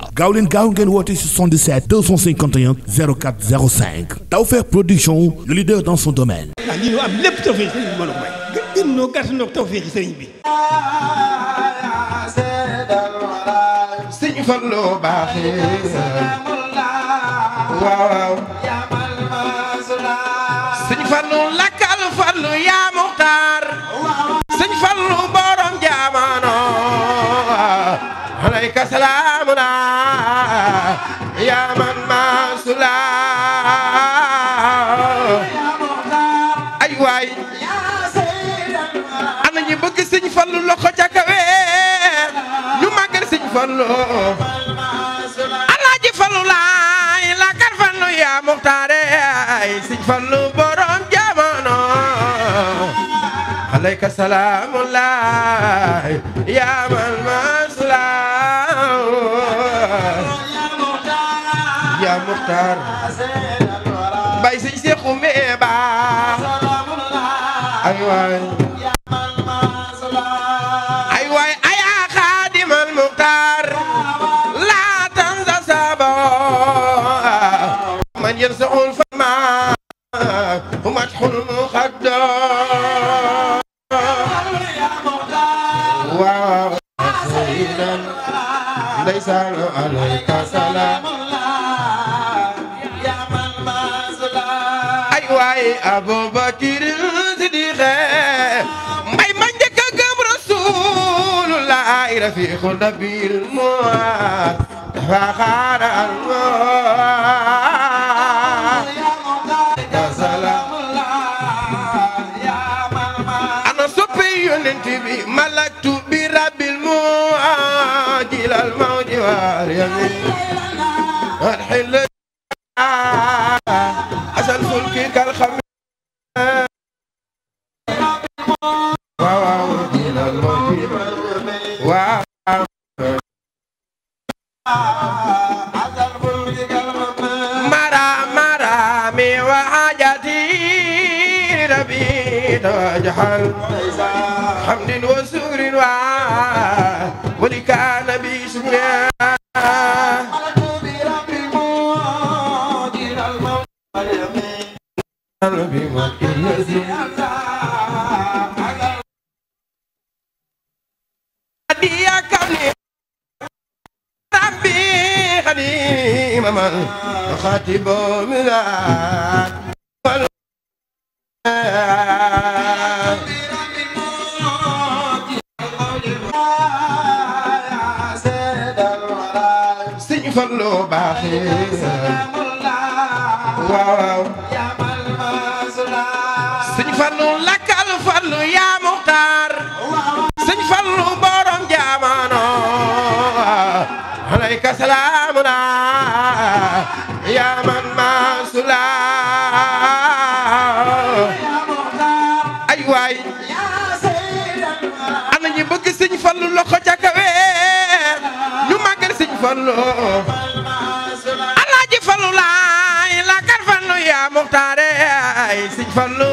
waaw gaaw leen gaaw ngeen woote 77 251 04 05 Tawfekh Production le leader dans son domaine. ah lii ñu am lépp tawfeex sëriñ bi mën a may. gën noo gàtt noo tawfeex sëriñ bi. sëriñ Fallou baaxee. waaw waaw. sëñ عليك سلامنا يا من ما سلا اي واي انا ني بك سيغ فالو لوخو جا كاوي ني ماغال سيغ فالو الاجي فالو لا لا كار فالو يا مختار اي سيغ فالو بروم جامانو عليك سلام الله يا من ما سلا muxtaar bay sëñ seexu mee baax ay waay ay waay ayaa xaadimal muxtaar laa tansa saabo man yen saxul fama humat xul muxaddaar waaw ndeysaan alayka salaam waay Abubakar Siddiq mbay ma njëkk a gëm Rasulullah rafiqu nabil muwaat dafa xaara ana soppe yonent bi malaktu bi rabbil muwaat jilal mawji waar yamin حمد وسور و Fallo baaxee waaw waaw fallu lakkal fallu yaa muxtaar sëñ fallu borom jaamano alayka salaamuna yaa man masula ay waay ana ñu bëgg sëñ fallu loxo ca kawe ñu màggal sëñ fallu alaaji fallu laay lakkal fallu yaa muxtaar ay sëñ fallu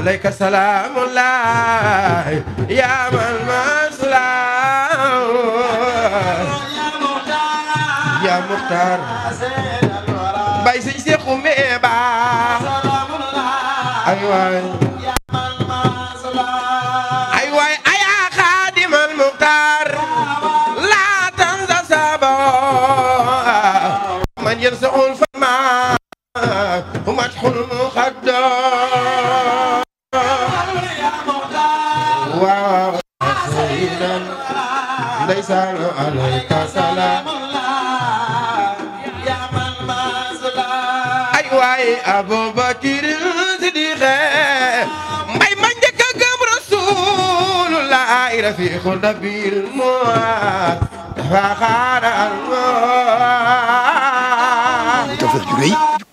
عليك سلام الله يا من مسلم يا مختار باي سي سي خومي با اي واي اي واي اي خادم المختار لا تنسى سبا من يرسع الفما ومدح المقدر ليسان عليك سلام الله يا من ما سلام أي واي أبو بكر صديق أي من جك رسول الله رفيق النبي الموت فخار الله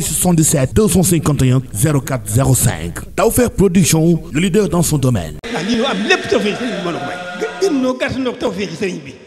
woote 77 251 04